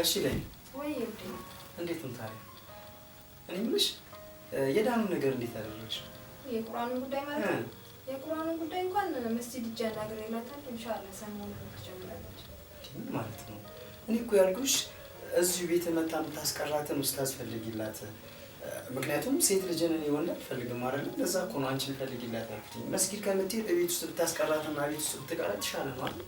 እሺ ላይ ወይ እንዴት ነው ታዲያ? እኔ የምልሽ የዳኑ ነገር እንዴት አደረግሽ? የቁርአኑን ጉዳይ ማለት ነው። የቁርአኑን ጉዳይ እንኳን መስጂድ እጅ አናግሬላታል። ኢንሻአላህ ሰሞኑን ትጀምራለች ማለት ነው። እኔ እኮ ያልኩሽ እዚሁ ቤት መጣ ብታስቀራትን ውስጥ ታስፈልጊላት። ምክንያቱም ሴት ልጅን እኔ ወንድ አልፈልግም አይደል? ለዛ እኮ ነው አንቺን ፈልጊላት ያልኩት። መስጊድ ከምትሄድ ቤት ውስጥ ብታስቀራትና ቤት ውስጥ ብትቀራ ትሻለ ነው አይደል?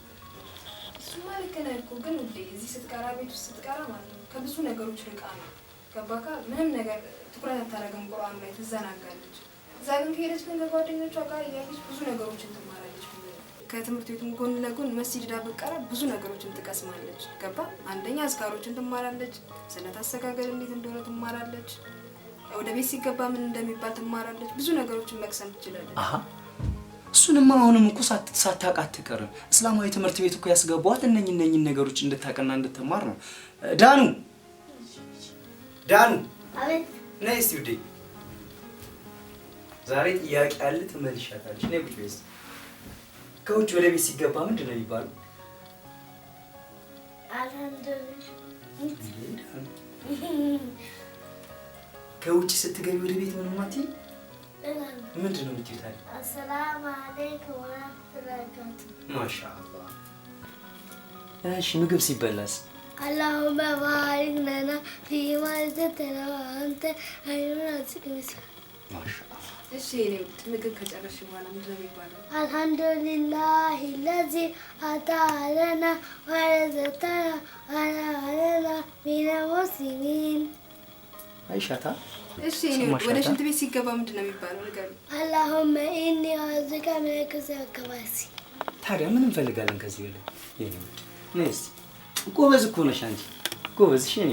እሱማ ልክ ነህ እኮ ግን ውዴ፣ እዚህ ስትቀራ ቤት ውስጥ ስትቀራ ማለት ነው ከብዙ ነገሮች ርቃ ነው ገባካ? ምንም ነገር ትኩረት አታደርግም፣ ቁርአን ላይ ትዘናጋለች። እዛ ግን ከሄደች ግን ከጓደኞቿ ጋር እያለች ብዙ ነገሮችን ትማራለች። ከትምህርት ቤቱም ጎን ለጎን መስጂድ ሄዳ ብትቀራ ብዙ ነገሮችን ትቀስማለች። ገባ? አንደኛ አዝካሮችን ትማራለች። ስለ ታሰጋገድ እንዴት እንደሆነ ትማራለች። ወደ ቤት ሲገባ ምን እንደሚባል ትማራለች። ብዙ ነገሮችን መቅሰም ትችላለች። እሱንማ አሁንም እኮ ሳታውቅ አትቀርም። እስላማዊ ትምህርት ቤት እኮ ያስገባዋት እነኝ እነኝን ነገሮች እንድታውቅና እንድትማር ነው። ዳኑ ዳኑ፣ ነይ እስኪ ውዴ፣ ዛሬ ጥያቄ አለ ትመልሻታለሽ። ነይ ቁጭ በይ ከውጭ ወደ ቤት ሲገባ ምንድን ነው የሚባለው? ከውጭ ስትገቢ ወደ ቤት ምንም አትይም ምንድን ነው የምትይው ታዲያ? አሰላሙ አለይኩም ወራህመቱላሂ ወበረካቱህ። እሺ ምግብ ሲበላስ? አላሁመ ባሪክ ለና ፊማ ዘተና አንተ ሀይሩን ምግብ ከጨረስሽ በኋላ ምንድን ነው የሚባለው? አልሐምዱሊላሂ ለዚ አጣለና ወረዘተና ወነጀና ሚነል ሙስሊሚን። አይሻታ እሺ ወደ ሽንት ቤት ሲገባ ምንድን ነው የሚባለው? አላሁመ ኢኒ ታዲያ ምን እንፈልጋለን ከዚህ በላይ? የኔ ውድ ነይ እስኪ። ጎበዝ እኮ ነሽ አንቺ፣ ጎበዝ እሺ። የኔ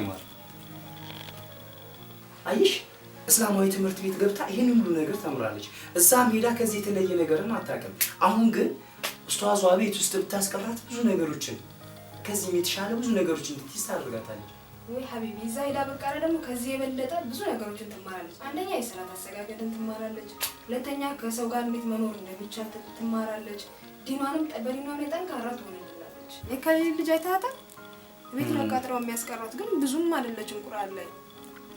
እስላማዊ ትምህርት ቤት ገብታ ይሄን ሁሉ ነገር ተምራለች። እዛም ሄዳ ከዚህ የተለየ ነገርን አታውቅም። አሁን ግን ኡስታዟ ቤት ውስጥ ብታስቀራት ብዙ ነገሮችን ከዚህም የተሻለ ብዙ ነገሮችን እንድትይዝ ታደርጋታለች። ወይ ሀቢቢ እዛ ሄዳ በቃ ደግሞ ከዚህ የበለጠ ብዙ ነገሮችን ትማራለች። አንደኛ የስርዓት አሰጋገድን ትማራለች። ሁለተኛ ከሰው ጋር እንዴት መኖር እንደሚቻል ትማራለች። ዲኗንም በዲኗ ላይ ጠንካራ ትሆንልናለች። የከሌ ልጅ አይታታል ቤት ለቃጥረው የሚያስቀራት ግን ብዙም አይደለችም እንቁራለን።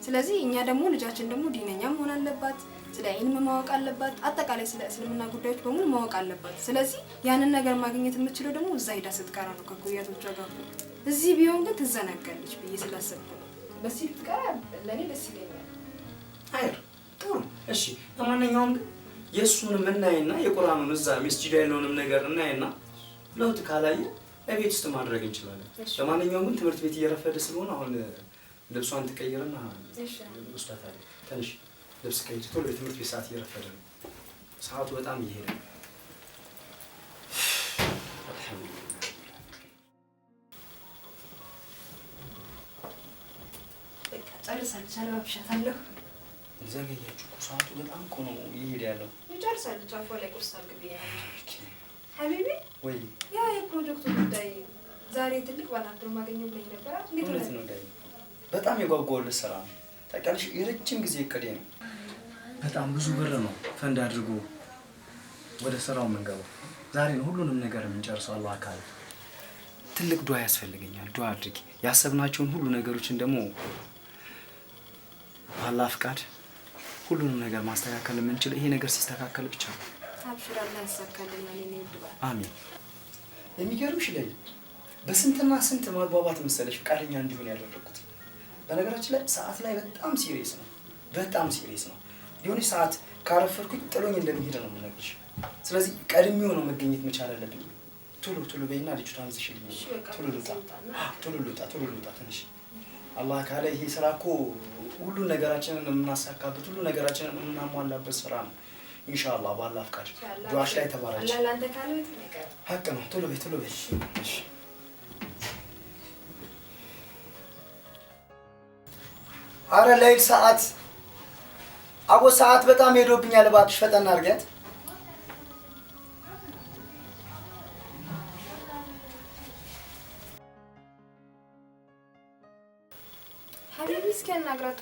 ስለዚህ እኛ ደግሞ ልጃችን ደግሞ ዲነኛ መሆን አለባት። ስለ ኢልም ማወቅ አለባት። አጠቃላይ ስለ እስልምና ጉዳዮች በሙሉ ማወቅ አለባት። ስለዚህ ያንን ነገር ማግኘት የምችለው ደግሞ እዛ ሄዳ ስትቀራ ነው ከኩያቶቿ ጋር እዚህ ቢሆን ግን ትዘናጋለች ብዬ ስላሰብኩ ነው። በዚህ ፍቃር ለእኔ ደስ ይለኛል። አይር ጥሩ እሺ። ለማንኛውም ግን የእሱንም እናይና የቁርአኑን እዛ መስጂድ ያለውንም ነገር እናይና ለውጥ ካላየ ቤት ውስጥ ማድረግ እንችላለን። ለማንኛውም ግን ትምህርት ቤት እየረፈደ ስለሆነ አሁን ልብሷን ትቀይርና ወስዳታለሁ። ትንሽ ልብስ ቀይጭ። ቶሎ የትምህርት ቤት ሰዓት እየረፈደ ነው። ሰዓቱ በጣም እየሄደ ነው። አልሐምዱሊላህ ጨርሳለች። አለባብሻታለሁ። ዘገያችሁ እኮ ሰዓቱ በጣም እኮ ነው እየሄደ ያለው። ጨርሳለች። አፏ ላይ ቁርስ አድርግ ብያለች። ወይ ያ የፕሮጀክቱ ጉዳይ ዛሬ ትልቅ ባላንድሮ ማገኘው ብለኝ ነበር። እንዴት ነው ዳይ? በጣም የጓጓሁለት ስራ ነው። ታውቂያለሽ፣ የረጅም ጊዜ እቅዴ ነው። በጣም ብዙ ብር ነው ፈንድ አድርጎ ወደ ስራው የምንገባው። ዛሬ ነው ሁሉንም ነገር የምንጨርሰው። አላህ ካለ ትልቅ ዱዓ ያስፈልገኛል። ዱዓ አድርጊ። ያሰብናቸውን ሁሉ ነገሮችን ደግሞ ባላ ፍቃድ ሁሉንም ነገር ማስተካከል የምንችለው ይሄ ነገር ሲስተካከል ብቻ ነው። አሚን። የሚገርምሽ ላይ በስንትና ስንት ማግባባት መሰለሽ ፍቃደኛ እንዲሆን ያደረግኩት። በነገራችን ላይ ሰዓት ላይ በጣም ሲሪየስ ነው፣ በጣም ሲሪየስ ነው። የሆነች ሰዓት ካረፈርኩኝ ጥሎኝ እንደሚሄድ ነው የምነግርሽ። ስለዚህ ቀድሜው ነው መገኘት መቻል አለብኝ። ቶሎ ቶሎ በይና ልጅቷን ዝሽልኝ። ቶሎ ልውጣ፣ ቶሎ ልውጣ፣ ቶሎ ልውጣ ትንሽ አላህ ካለ ይሄ ስራ እኮ ሁሉ ነገራችንን የምናሳካበት ሁሉ ነገራችንን የምናሟላበት ስራ ነው። ኢንሻአላህ ባላ ፍቃድ ዱዓሽ ላይ ተባራች። ሀቅ ነው። ቶሎ በይ ቶሎ በይ። አረ ለይል ሰዓት አቦ ሰዓት በጣም ሄዶብኛል። እባክሽ ፈጠን አድርጊያት።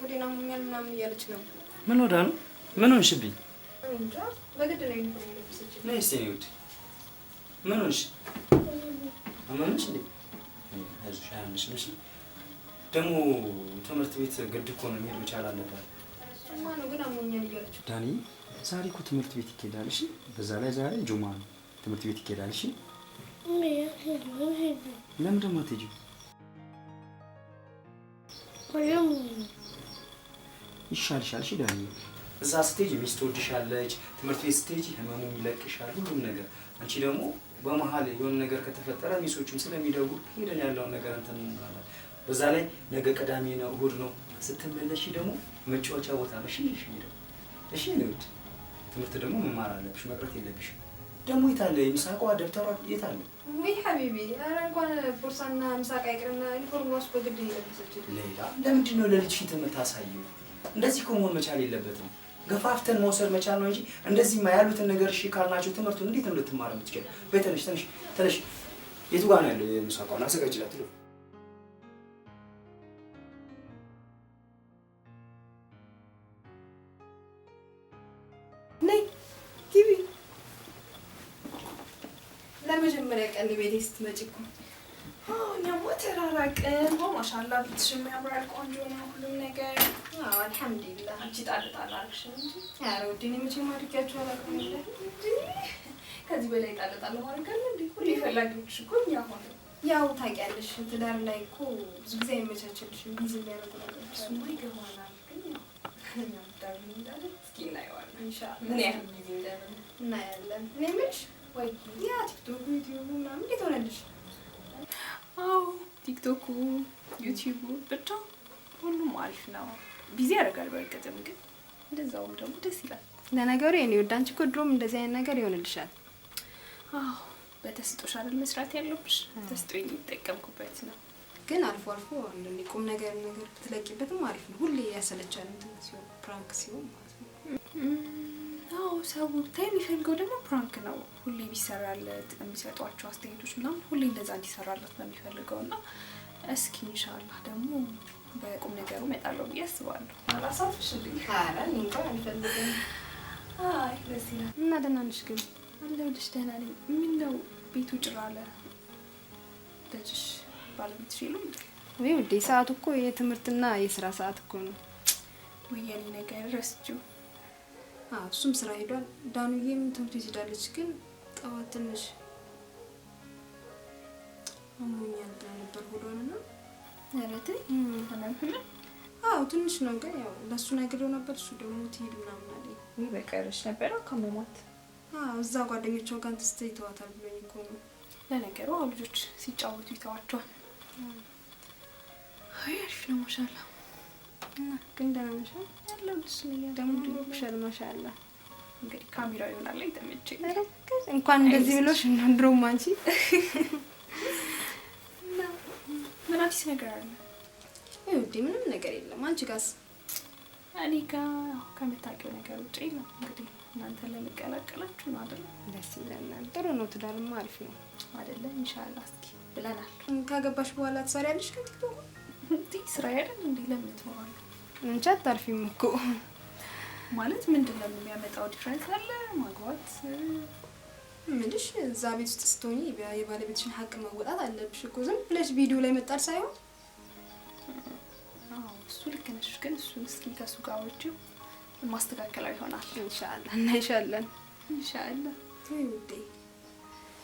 ሆዴ ናሙኛል ምናምን እያለች ነው። ምን ነው? ምን ሆንሽብኝ? በግድ ነው ምን ሆንሽ? እንዴ? ደግሞ ትምህርት ቤት ግድ እኮ ነው የሚሄድ መቻል አለባት። ዳኒ ዛሬ እኮ ትምህርት ቤት ይኬዳል። እሺ፣ በዛ ላይ ዛሬ ጁማ ነው። ትምህርት ቤት ይኬዳል። እሺ፣ ለምን ደግሞ አትሄጂም? ይሻልሻል። እሺ ዳኒ፣ እዛ ስቴጅ ሚስት ትወድሻለች፣ ትምህርት ቤት ስቴጅ ህመሙም ይለቅሻል፣ ሁሉም ነገር። አንቺ ደግሞ በመሀል የሆነ ነገር ከተፈጠረ ሚስቶቹም ስለሚደጉ ሄደን ያለውን ነገር እንትን እንላለን። በዛ ላይ ነገ ቅዳሜ ነው እሑድ ነው። ስትመለሺ ደግሞ መጫወቻ ቦታ ነው። እሺ እሺ፣ ሄደው እሺ፣ ንግድ ትምህርት ደግሞ መማር አለብሽ፣ መቅረት የለብሽ። ደግሞ የት አለ የምሳቋ ደብተሯ የት አለ? ወይ ሐቢቢ ኧረ እንኳን ቦርሳና ምሳቃ ይቅርና ዩኒፎርም ራሱ በግድ የለበሰች ሌላ። ለምንድን ነው ለልጅሽ የምታሳየው? እንደዚህ እኮ መሆን መቻል የለበትም። ገፋፍተን መውሰድ መቻል ነው እንጂ እንደዚህ ያሉትን ነገር እሺ ካልናቸው ትምህርቱን እንዴት ነው ልትማር የምትችል? በይ ተነሽ፣ ተነሽ፣ ተነሽ። የቱ ጋር ነው ያለው የምሳ እቃውን አዘጋጅላት ነው ለመጀመሪያ ቀን ቤቴ ስትመጪ እኮ እኛማ ተራራቅን። ማሻላ ቤትሽ የሚያምራል፣ ቆንጆ ነው ሁሉም ነገር አንቺ አልሽ እንጂ ኧረ ውዴ መቼም አድርጊያቸው አላውቅም። ከዚህ በላይ ማድረግ ሁሌ እኮ እኛ ሆነ ያው ታውቂያለሽ፣ ትዳር ላይ እኮ ብዙ ጊዜ የሚያደርጉ ነገሮች ይገባናል፣ ግን ያው እንዳለ እስኪ እናየዋለን። ኢንሻላህ ምን ያህል ጊዜ እናያለን። እኔ የምልሽ ወይ ያ ቲክቶክ ምናምን እንዴት ሆነልሽ? አዎ ቲክቶኩ፣ ዩቲዩቡ ብቻ ሁሉም አሪፍ ነው። ቢዚ ያደርጋል በእርግጥም ግን እንደዛውም ደግሞ ደስ ይላል። ለነገሩ የኔ ወድ አንቺ እኮ ድሮም እንደዚህ አይነት ነገር ይሆንልሻል። አዎ በተስጦሽ አይደል መስራት ያለብሽ። ተስጦ የሚጠቀምኩበት ነው። ግን አልፎ አልፎ አንዳንዴ ቁም ነገር ነገር ብትለቂበትም አሪፍ ነው። ሁሌ ያሰለቻል እንትን ሲሆን ፕራንክ ሲሆን ማለት ነው። ያው ሰው ብታይ የሚፈልገው ደግሞ ፕራንክ ነው። ሁሌ ቢሰራለት የሚሰጧቸው አስተያየቶች ምናምን ሁሌ እንደዛ እንዲሰራለት ነው የሚፈልገው እና እስኪ እንሻላ ደግሞ በቁም ነገሩ እመጣለሁ ብዬ አስባለሁ። እና ደህና ነሽ ግን? አለሁልሽ። ደህና ነኝ። ምን ነው ቤቱ ጭር አለ። ደጅሽ ባለቤት የሉም ወይ? ውዴ ሰዓቱ እኮ የትምህርትና የስራ ሰዓት እኮ ነው። ወያኔ ነገር ረስችው እሱም ስራ ሄዷል። ዳኑዬም ተምቶ ትሄዳለች። ግን ጠዋት ትንሽ አሞኛል ብላ ነበር ሆዷን እና አዎ ትንሽ ነው። ግን ያው ለእሱ ነግሬው ነበር። እሱ ደግሞ ትሄድ ምናምን አለኝ። ይህ በቀረች ነበረ ከመሟት እዛ ጓደኞቿ ጋር ትስተ ይተዋታል ብሎኝ እኮ ነው። ለነገሩ አሁ ልጆች ሲጫወቱ ይተዋቸዋል። አይ አሪፍ ነው ማሻላ ግን ደህና ነሽ ያለው ደስ ይላል። ደግሞ ድሮብሻል። ማሻአላ እንግዲህ ካሜራው ይሆናል ላይ እንኳን እንደዚህ ብሎሽ እና ድሮም አንቺ ምን አዲስ ነገር አለ? ውዴ ምንም ነገር የለም። አንቺ ጋርስ? እኔ ጋር ከምታውቂው ነገር ውጪ ነው እንግዲህ እናንተ ለመቀላቀላችሁ ነው አይደል? ደስ ይለናል። ጥሩ ነው። ትዳርማ አሪፍ ነው አይደለ? ኢንሻአላ እስኪ ብለናል። ካገባሽ በኋላ ትሰሪያለሽ? ከቲክቶክ ስራ ያደል እንዴ? ለምን አንቺ አታርፊም እኮ ማለት ምንድን ነው የሚያመጣው ዲፍረንስ አለ ማግባት ምንሽ እዛ ቤት ውስጥ ስትሆኚ የባለቤትሽን ሀቅ መወጣት አለብሽ እኮ ዝም ብለሽ ቪዲዮ ላይ መጣር ሳይሆን እሱ ልክ ነሽ ግን እሱን እስኪ ከሱ ጋር ወጪ ይሆናል ኢንሻአላህ እና ኢንሻአላህ ኢንሻአላህ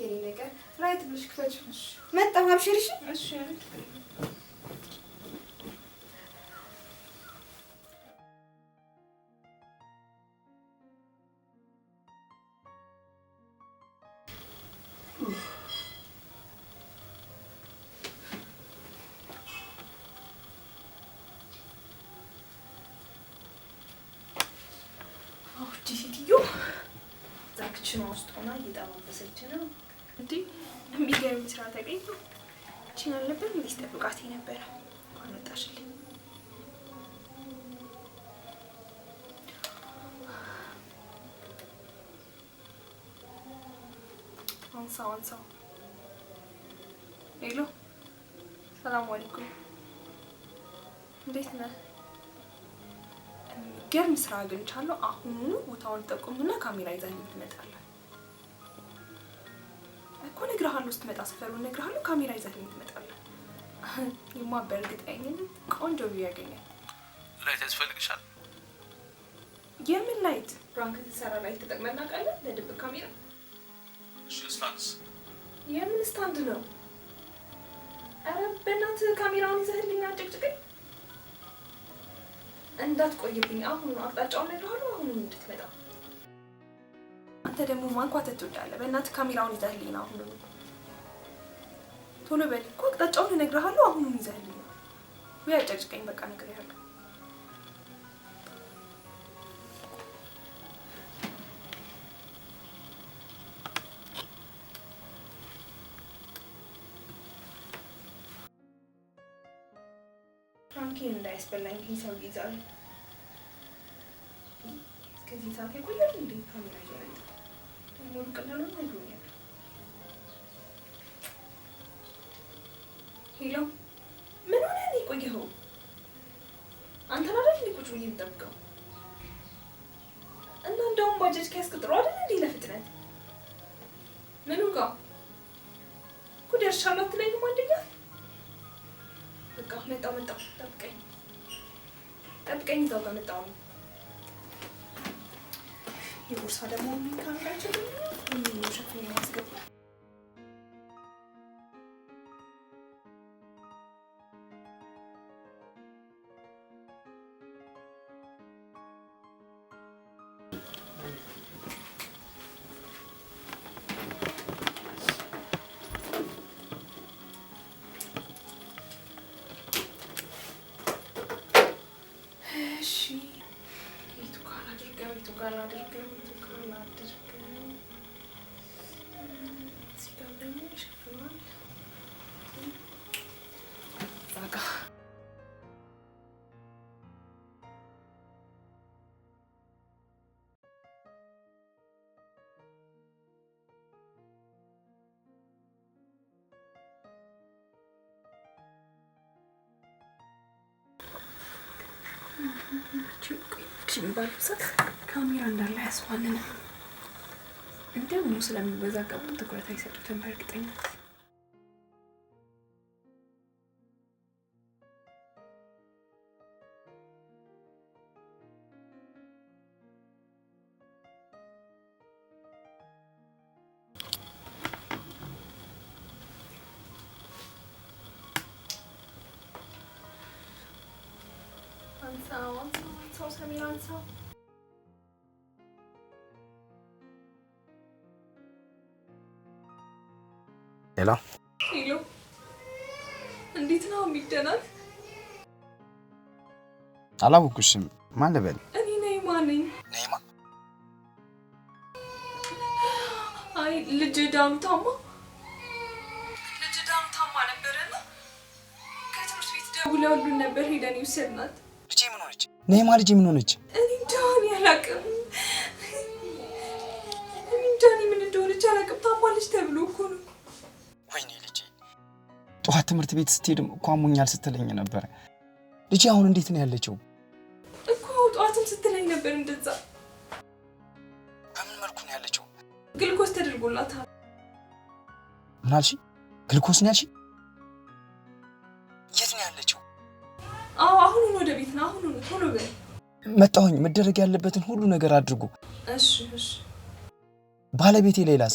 የኔ ነገር ራይት ብለሽ ክፈችሽ መጣሁ። አብሽርሽ እሺ ኪችን ውስጥ ሆና እየጠባበሰች ነው። እንዲ የሚገርም ስራ ተገኘ። ኪችን አልነበር ነበረ። እንኳን አንሳው አንሳው። ሄሎ፣ ሰላም አለይኩም። እንዴት ነህ? የሚገርም ስራ አግኝቻለሁ። አሁኑኑ ቦታውን ጠቁምና ካሜራ ይዘን እንመጣለን እኮ እነግርሃለሁ። ስትመጣ ሰፈሩን እነግርሃለሁ። ካሜራ ይዘን እንመጣለን። ይማ በእርግጠኝነት ቆንጆ ቪው ያገኛል። ላይት ያስፈልግሻል። የምን ላይት? ፍራንክ ሲሰራ ላይት ተጠቅመን እናውቃለን። ለድብቅ ካሜራ እሺ። ስታንስ የምን ስታንድ ነው? ኧረ በእናትህ ካሜራውን ይዘህልኝ አጨቅጭቅኝ እንዳትቆይብኝ። አሁን ነው አቅጣጫውን ነግሬሃለሁ። አሁን እንድትመጣ። አንተ ደግሞ ማንኳተት ትወዳለህ። በእናትህ ካሜራውን ይዘህልኝ ነው። አሁን ቶሎ በል እኮ አቅጣጫውን እነግርሃለሁ። አሁኑን ይዘህልኝ ነው። ወይ አጨቅጭቀኝ። በቃ ያለው ስልኬን እንዳያስበላኝ ይህ ሰው ይዛል። እስከዚህ ሰዓት የቆያል እንዴ? ካሜራ እያለ ደግሞ ቅለሉ ነግሮኛል። ሄሎ፣ ምን ሆነ? ነው የቆየኸው? አንተን አይደል ቁጭ ብዬ የምጠብቀው እና እንደውም ባጃጅ ከያዝክ ተኝተው ከመጣሁ የቦርሳ ደግሞ የሚካንዳቸው ሸፍኛ ያስገባል ባሉሰት ካሜራ እንዳለ ያስዋልንም እንደውም ስለሚወዛቀቡ ትኩረት አይሰጡትም በእርግጠኝነት። sağ ሄሎ ሄሎ፣ እንዴት ነው የሚደናል? አላወኩሽም። ማን ልበል? እኔ ነይማ ነኝ። ነይማ? አይ ልጅ ዳኑታማ ልጅ ዳኑታማ ነበረና ከትምህርት ቤት ደውለውልን ነበር ሄደን ይውሰድናት ነይማ ልጅ ምን ሆነች? እኔ እንጃ እኔ ምን እንደሆነች አላውቅም። ታሟለች ተብሎ እኮ ነው። ወይኔ ጠዋት ትምህርት ቤት ስትሄድም እኮ አሞኛል ስትለኝ ነበር። ልጅ አሁን እንዴት ነው ያለችው? እኮ ጠዋትም ስትለኝ ነበር እንደዛ። በምን መልኩ ነው ያለችው? ግልኮስ ተደርጎላታል። ምን አልሽ? ግልኮስ ነው ያልሽ? መጣሁኝ። መደረግ ያለበትን ሁሉ ነገር አድርጉ። እሺ እሺ። ባለቤቴ ሌላስ?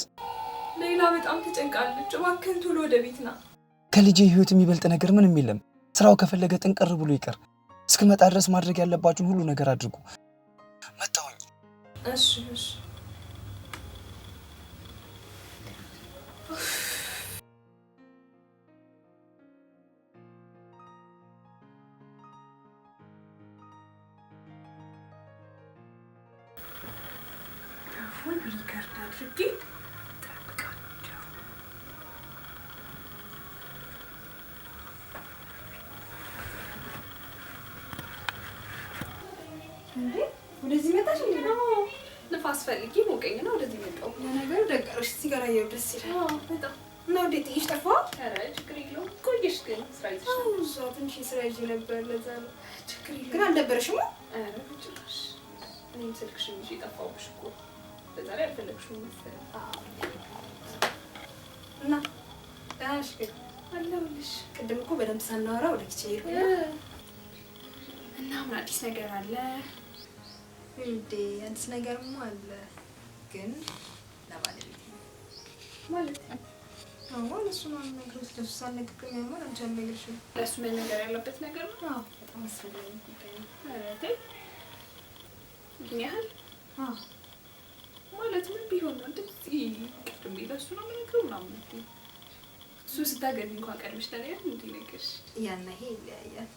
ሌላ በጣም ትጨንቃለች። እባክህን ቶሎ ወደ ቤት ና። ከልጄ ህይወት የሚበልጥ ነገር ምንም የለም። ስራው ከፈለገ ጥንቅር ብሎ ይቀር። እስክመጣ ድረስ ማድረግ ያለባችሁን ሁሉ ነገር አድርጉ። መጣሁኝ። እሺ እሺ። አሁን ሪከርድ አድርጌ ጠብቃቸው። ወደዚህ መጣሽ? ንፋስ ፈልጊ ሞቀኝ ነው ወደዚህ መጣሁ። ለነገሩ ደቀረሽ። እዚህ ጋር ደስ ይላል እና ወዴት ጥዬሽ ጠፋሁ? ኧረ ችግር የለውም። ቆየሽ ግን ስራ ይዘሽ ትንሽ ስራ ይዤ ነበር። ለዛ ነው። ችግር የለውም ግን አልነበረሽም? ኧረ በጭራሽ። እኔም ስልክሽን ይዤ ጠፋሁብሽ እኮ በዛ ላይ አልፈለግሽውም መሰለኝ። እና ደህና ነሽ ግን? አለሁልሽ። ቅድም እኮ በደንብ ሳናወራ ወደ ኪቼ ሄድኩኝ እና ምን አዲስ ነገር አለ እንዴ? አዲስ ነገርማ አለ ግን ለባለቤት ማለት አሁን እሱ ነው ነገሮች ለሱ ሳልነግርህ የሚያምር አንቺ አልነግርሽም። መነገር ያለበት ነገር ነው። በጣም አስፈላጊ ነው። ምን ያህል? አዎ ማለት ምን ቢሆን ነው እንደዚህ ቅድም ለሱ ነው ምናምን እሱ ስታገቢ እንኳን ቀድመሽ እንዲ ነገርሽ ይሄ ይለያያል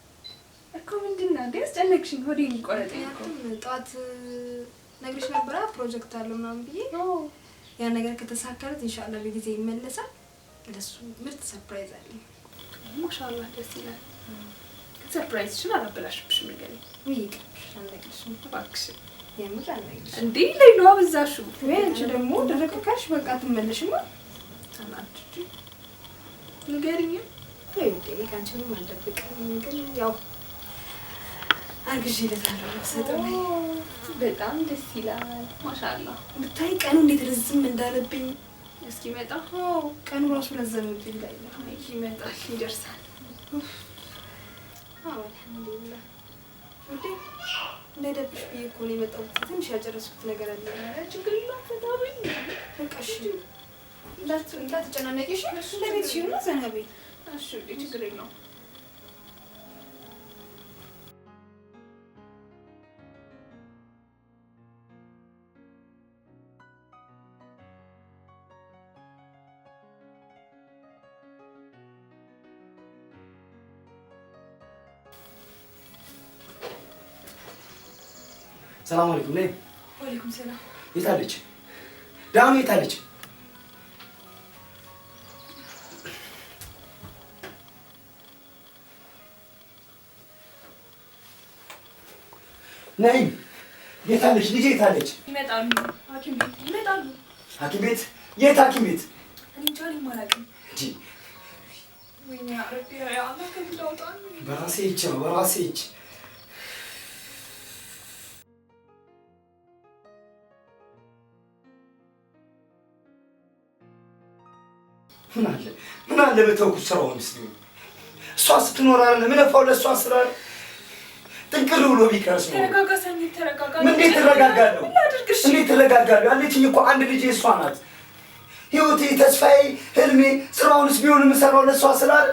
እኮ ምንድን ነው እንዴ ሆዴ ጠዋት ነበረ ፕሮጀክት አለው ምናምን ብዬ ያ ነገር ከተሳካለት እንሻላ በጊዜ ይመለሳል። ለሱ ሰርፕራይዝ አለ። ማሻላ ደስ ይላል። ሰርፕራይዝሽን አላበላሽብሽም። ይቅርብሽ፣ አልነግርሽም እባክሽን እንዴ ላይ ነው አበዛሹ። አንቺ ደግሞ ደረቅ ካልሽ በቃ ትመለሽማ። ንገሪኝ። አንቺንም አልደብቅም፣ ግን ያው አርግዤለታለሁ። ሰጠው በጣም ደስ ይላል። ማሻላ ብታይ ቀኑ እንዴት ረዝም እንዳለብኝ እስኪመጣ። ቀኑ ራሱ ረዘምብኝ ላይ ይመጣል፣ ይደርሳል። አልሐምዱሊላህ እንዳይደብሽ ብዬ እኮ ነው የመጣሁት። ትንሽ ያጨረስኩት ነገር አለ። ችግር የለውም ፈታሁኝ። በቃ እሺ፣ እንዳትጨናነቂ እሺ። ለቤት ሽሆነ ዘናቤ ችግር የለውም ሰላም አለይኩም። ነይ። ወአለይኩም ሰላም። የት አለች ዳኑ? የት አለች? ነይ። የት አለች ልጄ? የት አለች? ይመጣሉ። ሐኪም ቤት ይመጣሉ። ሐኪም ቤት? የት ሐኪም ቤት? እኔ እንጃ። እኔም አላውቅም። በራሴ ሂጅ በራሴ ሂጅ ምን አለ ምን አለ በተውኩት ስራውን ስ እሷ ስትኖር አለ ምለፋው ለእሷ ስራ ጥንቅር ብሎ ቢቀርስ እንዴት ትረጋጋለሁ? እንዴት ትረጋጋለሁ? አለችኝ እኮ አንድ ልጅ እሷ ናት። ህይወቴ፣ ተስፋዬ፣ ህልሜ ስራውንስ ቢሆን የምሰራው ለእሷ ስላለ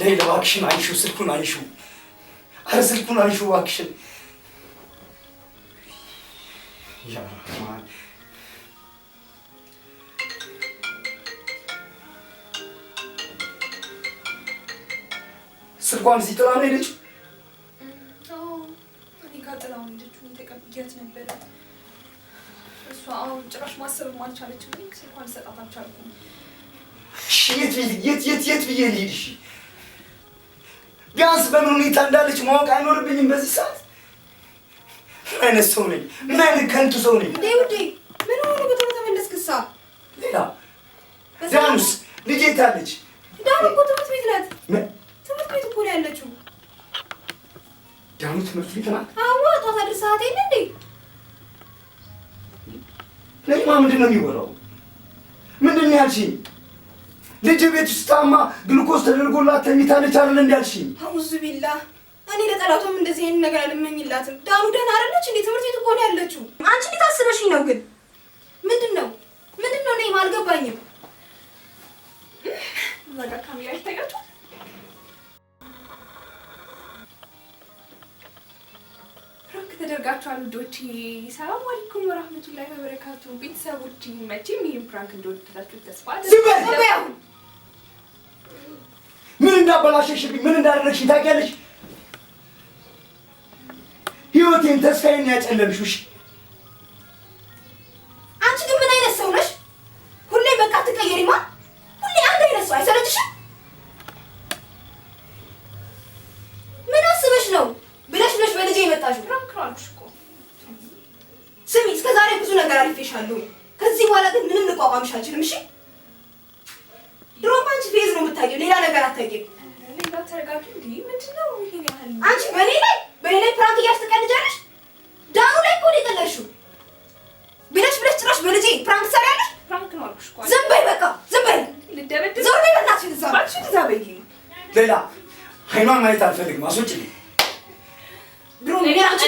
ሌላ እባክሽን አይሹ ስልኩን አይሹ አረ ስልኩን አይሹ እባክሽን Yeah, come ስልኳን እዚህ ጥላ ነው ሄደችው። እኔ ጋር ጥላ ነው ሄደችው። ተቀብያት ነበረ እሷ። አሁን ጭራሽ ማሰብ አልቻለችም። ስልኳን ሰጣት አልቻልኩም። የት የት የት የት ብዬ ልሂድ? ቢያንስ በምን ሁኔታ እንዳለች ማወቅ አይኖርብኝም በዚህ ሰዓት አይነት ሰው ነኝ? ምን ከንቱ ሰው ነኝ? እንዴ ውዴ፣ ምን ሆነ? በቶሎ ተመለስክሳ። ሌላ ዳኑስ ልጄ ታለች። ዳኑ እኮ ትምህርት ቤት ናት። ትምህርት ቤት እኮ ነው ያለችው። ዳኑ ትምህርት ቤት ናት። አዋ ጧት አድርሰሃት የለ እንዴ? ለማ ምንድን ነው የሚወራው? ምንድን ነው ያልሽኝ? ልጅ ቤት ውስጥ ታማ ግሉኮስ ተደርጎላት ተኝታለች አይደል? እንዳልሽኝ አውዙ ቢላ እኔ ለጠላቷም እንደዚህ አይነት ነገር አልመኝላትም። ዳሩ ደህና አይደለች እንዴ? ትምህርት ቤት እኮ ነው ያለችው። አንቺ እንዴት አስበሽኝ ነው? ግን ምንድን ነው ምንድን ነው? እኔም አልገባኝም። በቃ ተደርጋችኋል ውዶቼ። ሰላም አለይኩም ወራህመቱላሂ ወበረካቱ። ቤተሰቦች መቼም ይህን ፕራንክ እንደወደዳችሁ ተስፋ ምን እንዳበላሸሽብኝ ምን እንዳደረግሽኝ ታውቂያለሽ ህይወቴን ተስፋዬን ያጨለምሽ። አንቺ ግን ምን አይነት ሰው ነሽ? ሁሌ በቃ ትቀየሪማ። ሁሌ አንድ አይነት ሰው አይሰለችሽም? ምን አስበሽ ነው ብለሽ ብለሽ በልጄ የመጣሽው? ስሚ እስከ ዛሬ ብዙ ነገር አልፌሻለሁ። ከዚህ በኋላ ግን ምንም ልቋቋምሽ አልችልም። እሺ ድሮም አንቺ ፌዝ ነው የምታየው፣ ሌላ ነገር አታየም። አንቺ በኔ ላይ በሌላ ፕራንክ እያልሽ ትቀልጃለሽ። ላይ እኮ ነው የጠለሽው። ብለሽ ብለሽ ጭራሽ በልጄ ፕራንክ ትሰሪያለሽ። ነው አልኩሽ ዝም በይ በቃ ዝም በይ። ዞር በይ በእናትሽ። ልዛ ባክሽ ልዛ በይ። ሌላ ሀይኗን ማየት አልፈልግም። አስወጪኝ። ድሮ ምን አንቺ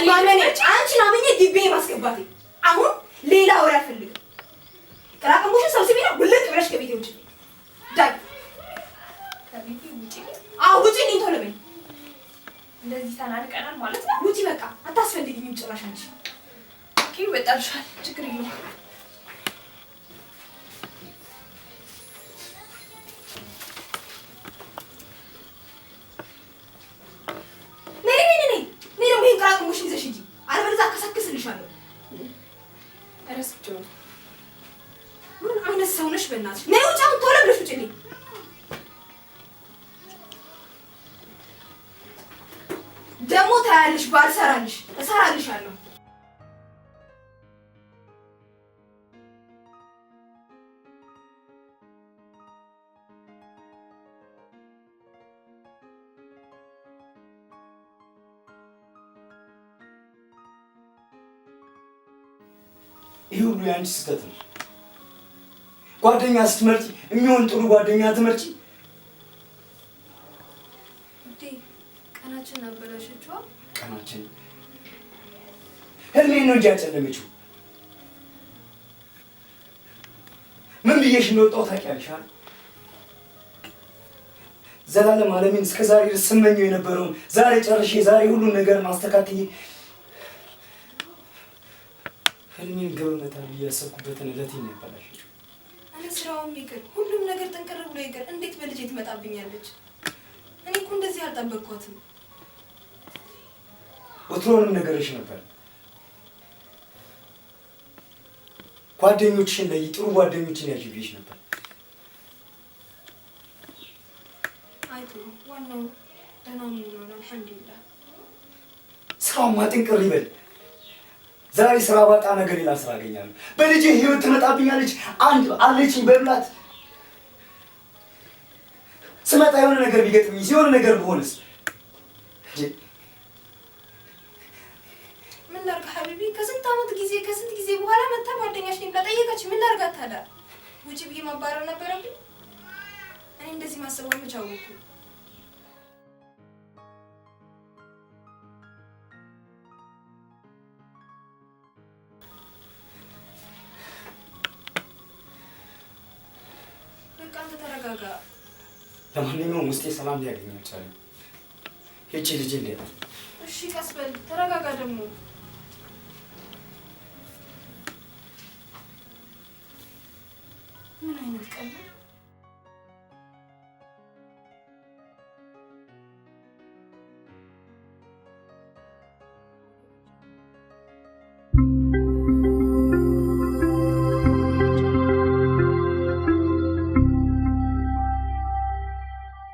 አንቺን አምኜ ግቤ ማስገባት አሁን ሌላ ወሬ አልፈልግም። ሰው ሰብስቤ ነው ውልቅ ብለሽ ከቤቴ ውጭ ዳይ ከቤቴ ውጭ ውጭ ቶሎ በይ እንደዚህ ተናንቀናል ማለት ነው። ሉቲ በቃ አታስፈልግኝም ጭራሽ አንቺ። ኦኬ በጣልሻል፣ ችግር የለውም። ይህ ሁሉ የአንቺ ስህተት ነው። ጓደኛ ስትመርጪ የሚሆን ጥሩ ጓደኛ ትመርጪ። ቀናችን አበላሸችዋ። ቀናችን ህልሜን ነው እንጂ ያጨለመችው። ምን ብዬሽ እንደወጣሁ ታውቂያለሽ። ዘላለም ዓለሜን እስከ ዛሬ ስመኘው የነበረውን ዛሬ ጨርሼ ዛሬ ሁሉን ነገር ማስተካከዬ ይገባበታል ብዬ ያሰብኩበትን እለት ነው ያበላሸችው። እኔ ስራውም ይቅር ሁሉም ነገር ጥንቅር ብሎ ይቅር። እንዴት በልጄ ትመጣብኛለች? እኔ እኮ እንደዚህ አልጠበቅኳትም። ወትሮውንም ነገርሽ ነበር ጓደኞችሽን ለይ ጥሩ ጓደኞችን ያጅብሽ ነበር። አይቶ ዋናው ደህና ነው። አልሐምዱሊላህ ስራውማ ጥንቅር ይበል። ዛሬ ስራ ባጣ ነገር ሌላ ስራ አገኛለሁ። በልጅ ህይወት ትመጣብኛለች። አንድ አለችኝ በብላት ስመጣ የሆነ ነገር ቢገጥምኝ የሆነ ነገር ብሆንስ? ምን ላድርግ ሀቢቢ፣ ከስንት አመት ጊዜ ከስንት ጊዜ በኋላ መታ ጓደኛሽ ነኝ ብላ ጠየቀች። ምን ላድርጋት ታዲያ? ውጭ ብዬ ማባረር ነበረብኝ። እኔ እንደዚህ ማሰቧን መቻወኩ ለማንኛውም ውስጤ ሰላም ሊያገኝ አልቻለም። ሄቼ ልጅ እንዴ ነው? እሺ ቀስበል፣ ተረጋጋ። ደግሞ ምን አይነት ቀለ